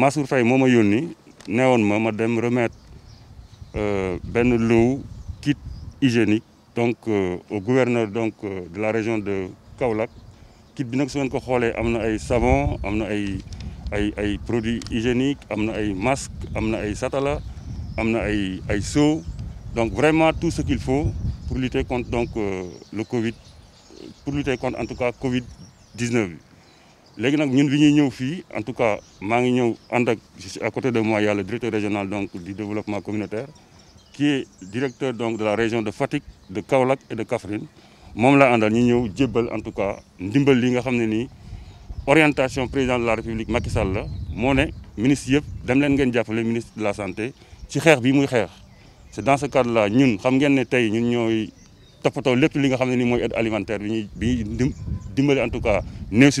Je Faye ma yónni remettre un euh, kit hygiénique donc euh, au gouverneur donc euh, de la région de Kaolack qui bi nak su savons, ko savon produits hygiéniques des masques, ay masque des donc vraiment tout ce qu'il faut pour lutter contre le Covid pour lutter contre en tout cas Covid 19 léegi nag ñun bi ñëw en tout cas maa ngi ñëw ànd ak à côté de moi y le directeur régional donc du développement communautaire qui est directeur donc de la région de Fatick de Kaolack et de Kaffrine moom laa àndal ñu ñëw en tout cas ndimbal li nga xam ne orientation président de la république Macky Sall la moo ne ministre yëpp dem leen ngeen jàppale ministre de la santé ci xeex bi muy c'est dans ce cadre là ñun xam ngeen ne tey ñun ñooy toppatoo lépp li nga xam ne aide alimentaire bi ñuy en tout cas néew si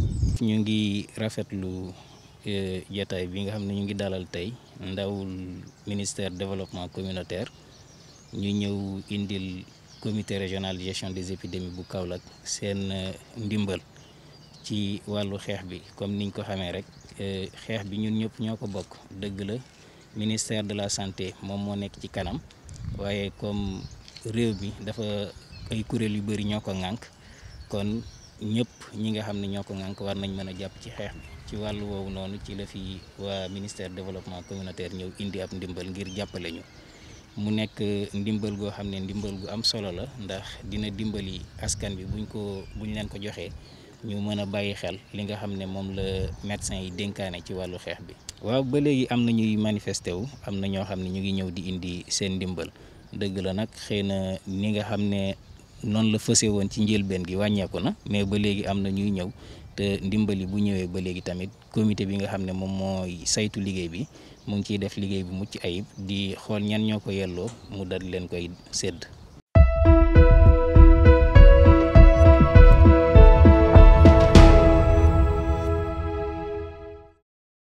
ñu ngi rafetlu eh, jotaay bi nga xam ne ñu ngi dalal tey ndawul ministère développement communautaire ñu ñëw indil comité régional de gestion des épidémies bu Kaolack seen eh, ndimbal ci wàllu xeex bi comme niñ ko xamee rek eh, xeex bi ñun ñëpp ñoo ko bokk dëgg la ministère de la santé moom moo nekk ci kanam waaye comme réew bi dafa ay kuréel yu bëri ñoo ko ŋànk kon ñëpp ñi nga xam ne ñoo ko ŋànk war nañ mën a jàpp ci xeex bi ci wàllu woowu noonu ci la fi waa ministère développement communautaire ñëw indi ab ndimbal ngir jàppale ñu mu nekk ndimbal goo xam ne ndimbal gu am solo la ndax dina dimbali askan bi buñ ko buñ leen ko joxee ñu mën a bàyyi xel li nga xam ne moom la médecin yi denkaane ci wàllu xeex bi. waaw ba léegi am na ñuy manifester wu am na ñoo xam ne ñu ngi ñëw di indi seen ndimbal dëgg la nag xëy na ni nga xam ne noonu la fëse woon ci njëlbeen gi wàññeeku na mais ba léegi am na ñuy ñëw te ndimbali bu ñëwee ba léegi tamit comité bi nga xam ne moom mooy saytu liggéey bi mu ngi ciy def liggéey bu mucc ayib di xool ñan ñoo ko yelloo mu dal leen koy sedd